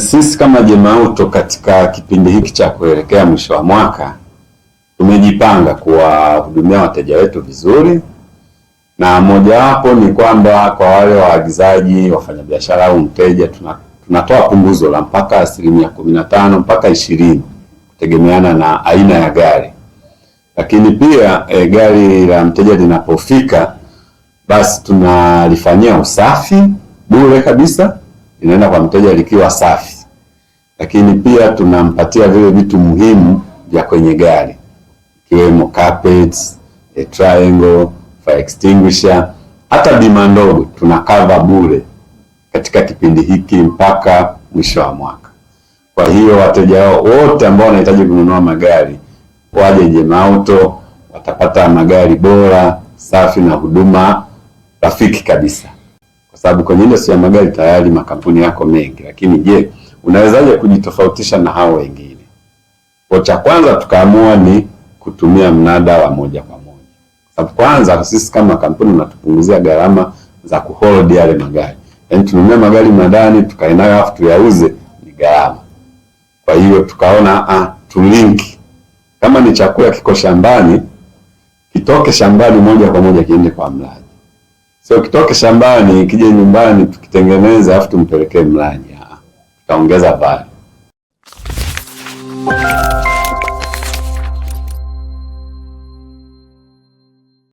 sisi kama Jemauto katika kipindi hiki cha kuelekea mwisho wa mwaka tumejipanga kuwahudumia wateja wetu vizuri, na mojawapo ni kwamba kwa wale waagizaji, wafanyabiashara au mteja, tunatoa punguzo la mpaka asilimia kumi na tano mpaka ishirini kutegemeana na aina ya gari, lakini pia e, gari la mteja linapofika basi tunalifanyia usafi bure kabisa inaenda kwa mteja likiwa safi, lakini pia tunampatia vile vitu muhimu vya kwenye gari ikiwemo carpets, a triangle, fire extinguisher, hata bima ndogo tuna cover bure katika kipindi hiki mpaka mwisho wa mwaka. Kwa hiyo wateja wao wote ambao wanahitaji kununua magari waje Jema Auto, watapata magari bora safi na huduma rafiki kabisa sababu kwenye industry ya magari tayari makampuni yako mengi, lakini je, unawezaje kujitofautisha na hao wengine? Kwa cha kwanza tukaamua ni kutumia mnada wa moja kwa moja, sababu kwanza sisi kama kampuni unatupunguzia gharama za kuhold yale magari, yaani tununue magari mnadani tukae nayo afu tuyauze, ni gharama. Kwa hiyo tukaona ah, tulink kama ni chakula kiko shambani kitoke shambani moja kwa moja kiende kwa mlaji. So kitoke shambani kije nyumbani tukitengeneza, afu tumpelekee mlaji, tutaongeza value.